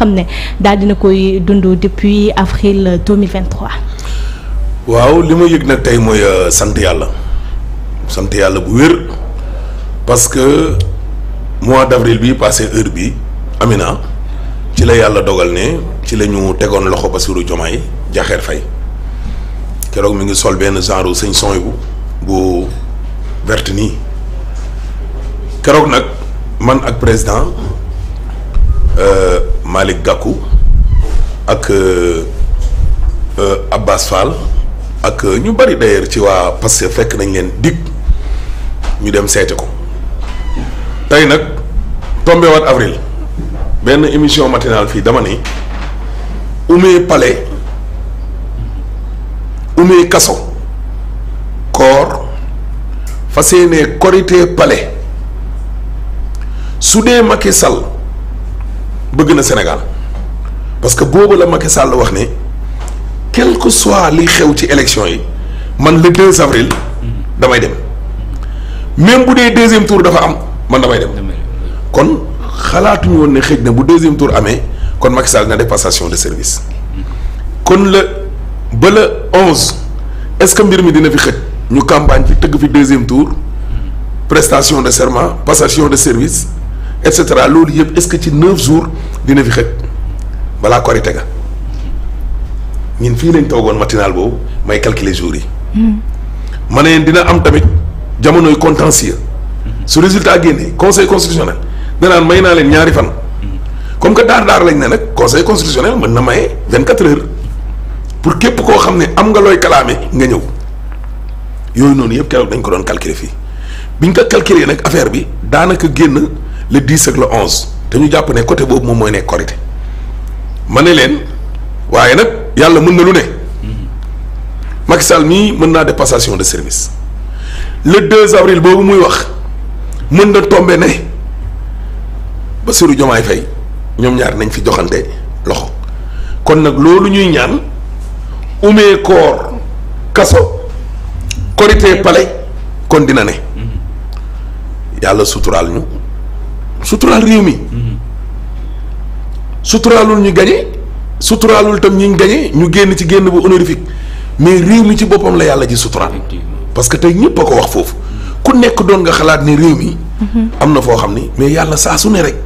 xam ne daal na koy dund depuis avril 2023. waaw li ma yëg nag tey mooy euh, sant yàlla sant yàlla bu wér parce que mois d'avril bi passé heure bi Amina ci la yàlla dogal ne ci la tegoon loxo Bassirou Diomaye Diakhar Faye keroog mu ngi sol benn genre sëñ son bu bu vert nii keroog nag man ak président. Euh, Malick Gakou ak euh, euh, Abbas Fall ak euh, ñu bari d'ailleurs ci waa parce que fekk nañ leen dig ñu dem seete ko tey nag tombé abril avril benn émission matinale fii dama ni umee palais umee kaso koor fas yéenee korité palais su dee Macky Sall bëgg na Sénégal parce que boobu la Macky Sall wax ne quel que soit li xew ci élection yi man le 2 avril damay dem même bu dee deuxième tour dafa am man damay dem kon xalaatu woon ne xëj na bu deuxième tour amee kon Macky Sall na def passation de service kon la ba la onze est-ce que mbir mi dina fi xëj ñu campagne fi tëgg fi deuxième tour prestation de serment passation de service et cetera loolu yëpp est-ce que ci neuf jours dina fi xëj balaa korite ga ñun fii lañ toogoon matinal boobu may calculer jours yi. Hmm. ma ne dina am tamit jamonoy contentieux. Hmm. su résultat génnee conseil constitutionnel danaan may naa leen ñaari fan. Hmm. comme que daar daar lañ ne nag conseil constitutionnel mën na may vingt quatre heures pour képp koo xam ne am nga looy kalaame nga ñëw yooyu noonu yëpp keroog dañ ko doon calculer fii biñ ko calculer nag affaire bi daanaka génn. le 10 ak le 11 te ñu jàpp ne côté boobu moom mooy nekk korité ma ne leen waaye nag yàlla mën na lu ne Macky Sall mii mën naa def de service le 2 avril boobu muy wax mën na tombe ne Bassirou Diomaye Faye ñoom ñaar nañ fi joxante loxo kon nag loolu ñuy ñaan umee koor kaso korité palais kon dina ne mm-hmm. yàlla suturaal ñu suturaal réew mi mhm. suturaalul ñu gañe suturaalul tam ñu gañe ñu génn ci génn bu honorifique mais réew mi ci boppam la yàlla ji suturaal parce que tey ñëpp a ko wax foofu ku nekk doon nga xalaat ne réew mi mhm. am na foo xam ni mais yàlla saa su ne rek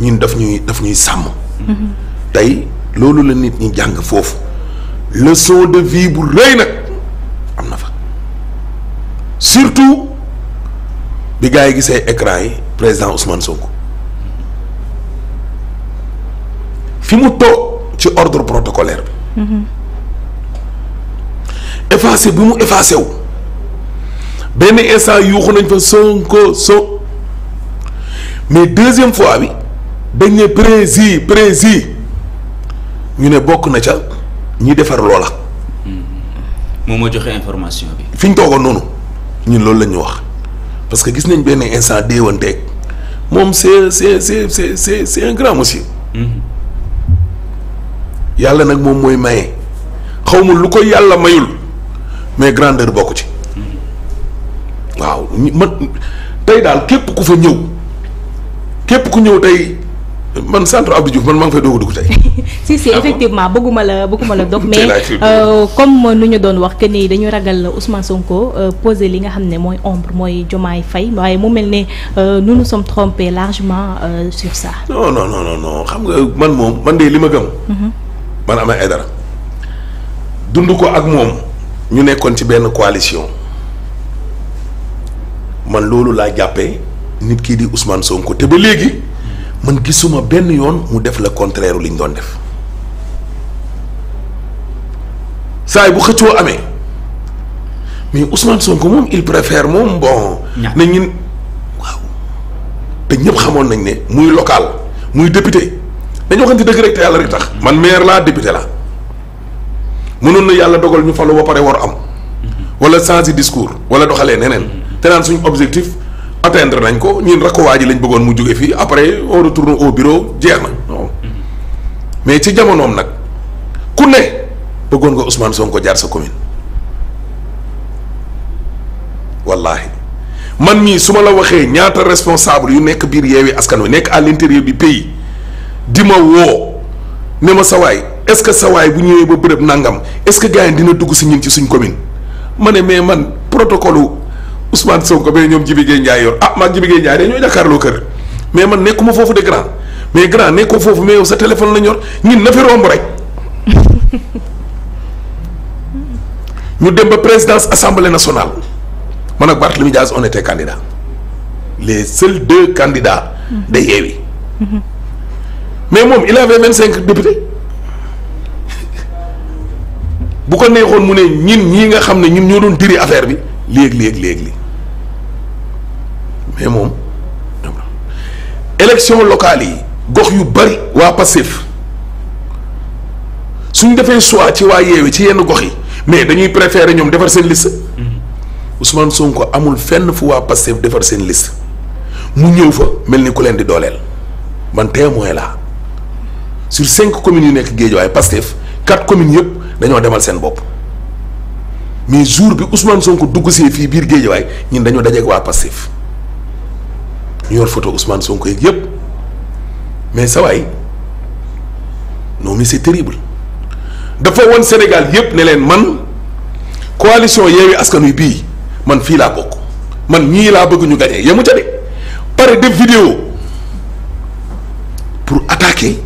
ñun daf ñuy daf ñuy sàmm mhm. tey loolu la nit ñi jàng foofu leçon de vie bu rëy nag am na fa surtout bi gars yi gisee écran yi président Ousmane Sonko fi mu toog ci ordre protocolaire bi effacé bi mu effacé wu benn instant yuuxu nañ fa Sonko so mais deuxième fois bi dañ ne prési prési ñu ne bokk na ca ñi defar loola. moom moo joxe information bi. fi ñu toogoon noonu ñu loolu la ñu wax parce que gis nañ benn instant déewanteeg moom c'est c'est c'est c'est c'est un grand monsieur. Mm-hmm. yàlla nag moom mooy maye xaw ma lu ko yàlla mayul mais grandeur bokk ci waaw man tey daal képp ku fa ñëw képp ku ñëw tey man centre Abdou Diouf man maa ngi fay doog dugg tey. si si effectivement bëgguma la bëgguma la dog mais euh, comme nu ñu doon wax que ni dañu ragal Ousmane Sonko euh, posé li nga xam ne mooy ombre mooy Diomaye Faye waaye mu mel ne euh, nous nous sommes trompés largement sur ça. non non non non xam nga man moom man de li ma gëm. Mm-hmm. man Ahmed Aidara dund ko ak moom ñu nekkoon ci benn coalition man loolu laa jàppee nit kii di Ousmane Sonko te ba léegi man gisuma benn yoon mu def la contraire liñ doon def saay bu xëccoo amee mais Ousmane Sonko moom il préfère moom bon. na ñun waaw te ñëpp xamoon nañ ne muy local muy député. dañu waxante dëgg rek te yàlla rek tax man maire laa député la mënoon na yàlla dogal ñu falu ba pare war am wala changer discours wala doxalee neneen te naan suñu objectif atteindre nañ ko ñun rakk waa ji lañ bëggoon mu jóge fii après on retourne au bureau jeex na mais ci jamonoom nag ku ne bëggoon nga Ousmane ko jaar sa commune wallahi man mii su ma la waxee ñaata responsable yu nekk biir yeewi askan wi nekk à l'intérieur du pays di ma woo ne ma sawaay est-ce que sawaay bu ñëwee ba bërëb nangam est-ce que gars yi dina dugg si ñun ci suñ commune ma ne mais man protocole Ousmane Sonko ba ñoom Jibi Gueye Ndiaye yor ah maag Jibi Gueye Ndiaye dañoo jàkkaarloo kër mais man nekkuma foofu de grand mais grand nekkoo foofu mais yow sa téléphone na ñor ñun na fi romb rek ñu dem ba présidence assemblée nationale man ak Barthélémy Dias on était candidat les seuls deux candidats. Mhm. de Yewwi. Mhm. mais moom il avait vingt cinq députés bu ko neexoon mu ne ñin ñii nga xam ne ñun ñoo doon diri affaire bi léegi léegi léegi li mais moom élection locale yi gox yu bari waa Pastef suñ defee choix ci waa yeewi ci yenn gox yi mais dañuy préférer ñoom defar seen liste Ousmane Sonko amul fenn fu waa Pastef defar seen liste mu ñëw fa mel ni ku leen di dooleel man témoin laa sur cinq communes yu nekk Guédiawaye Pastef quatre commune yëpp dañoo demal seen bopp mais jour bi Ousmane Sonko dugg see fii biir Guédiawaye ñun dañoo dajeeg waa Pastef ñu yor photo Ousmane Sonko yëpp mais sa waay non mais c'est terrible dafa woon Sénégal yëpp ne leen man coalition Yewwi Askan Wi bii man fii laa bokk man ñii laa bëgg ñu gagné yemu ca de pare def vidéo pour attaquer.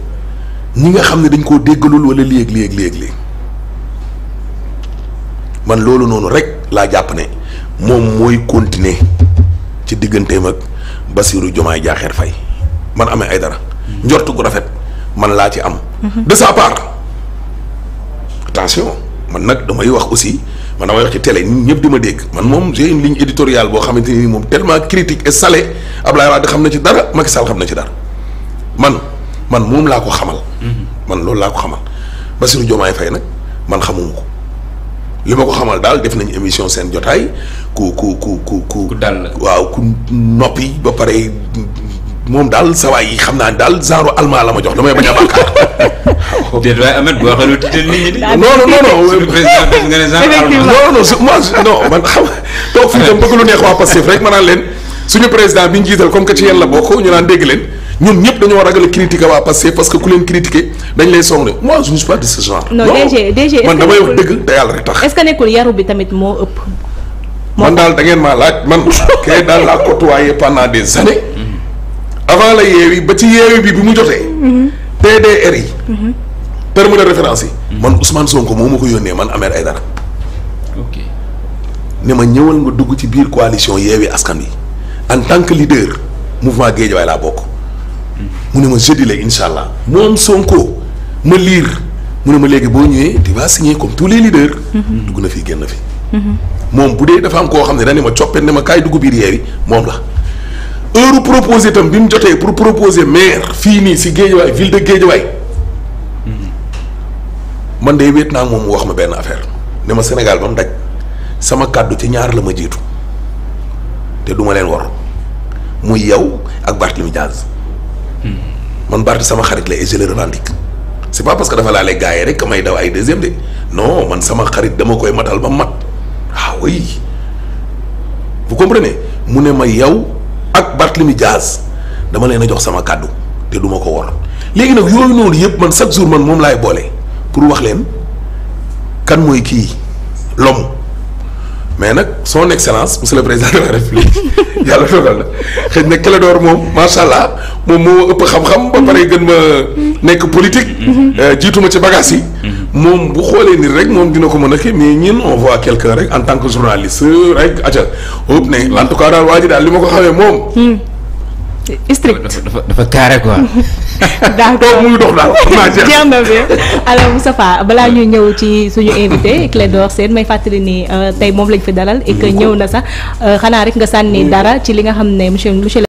ñi nga xam ne dañ koo déggalul wala léeg léeg léeg léeg man loolu noonu rek laa jàpp ne moom mooy continuer ci digganteem ak Bassirou Diomaye Diakhar fay man amee ay dara. njort gu rafet man laa ci am. Mhm. de sa part attention man nag damay wax aussi man damay wax ci télé ñun ñëpp di ma dégg man moom j'ai une ligne éditoriale boo xamante ni moom tellement critique et salée Abdoulaye Wade xam na ci dara Macky Sall xam na ci dara man moom laa ko xamal. Mhm. man loolu laa ko xamal Bassirou Diomaye Faye nag man xamuma ko li ma ko xamal daal def nañ émission seen jotaay ku ku ku ku ku. ku waaw ku noppi ba pare moom daal sawaay yi xam naa daal genre allemand la ma jox damay bañ a bàkkaar. déedéet waaye Ahmed boo genre toog fii tam bëgg lu neex waa Pastef rek ma naan leen suñu président bi ñu comme que ci yéen la bokk ñu naan dégg leen. ñun ñëpp dañoo ragale a critiquer waa Pastef parce que ku leen critiquer dañ lay song de moi je ne suis pas de ce man damay wax dëgg te yàlla rek tax. est nekkul yaru bi tamit moo ëpp. man daal da ngeen maa laaj man kay daal laa côtoyé pendant des années. Mhm. avant la yeewi ba ci yeewi bi bi mu jotee. TDR mhm. yi. Mhm. terme de référence yi. man Ousmane Sonko moo ma ko yónnee man Ahmed Aïdara. ok ne ma ñëwal ma dugg ci biir coalition yeewi askan yi en tant que leader mouvement Guédiawaye laa bokk. mu ne ma jeudi la incha allah moom Sonko ma liir mu ne ma léegi boo ñëwee di va signer comme tous les leaders. dugg na fi génn fi. moom bu dee dafa am koo xam ne dañ ne ma coppe ne ma kaay dugg biir yeer yi moom la. heure proposé itam bi mu jotee pour proposer maire fii nii si Géejawaay ville de Géejawaay man day wéet naa moom mu wax ma benn affaire ne ma Sénégal ba mu sama kàddu ci ñaar la ma jiitu te du ma leen war muy yow ak Barthélémy Dias Hmm. man Barth sama xarit la et je le revendique pas parce que dafa laale gars yi rek que may daw ay deuxième de non man sama xarit dama koy matal ba mat ah oui vous comprenez mu ne ma yow ak Barthélemy Diaz dama leen a jox sama kàddu te du ma ko wor léegi nag yooyu noonu yëpp man chaque jour man moom laay boole pour wax leen kan mooy kii l'homme mais nag son excellence monsieur le président de la yàlla dogal na xëy na Clédor moom macha allah moom moo ëpp xam-xam. ba pare gën ma nekk politique. Euh, jiituma ci bagages yi. moom bu xoolee nii rek moom dina ko mën a kii mais ñun on voit quelqu'un rek en tant que journaliste rek aca ëpp ne en tout cas daal waa ji daal li ma ko xamee moom. strict dafa dafa carré quoi. d'accord muy dox daal jeex na bi alors Moustapha balaa ñuy ñëw ci suñu invité Clédor Sène may fàttali ni euh, tey moom lañ fi dalal. et mm-hmm. ñëw na sax euh, xanaa rek nga sànni dara ci li nga xam ne monsieur monsieur.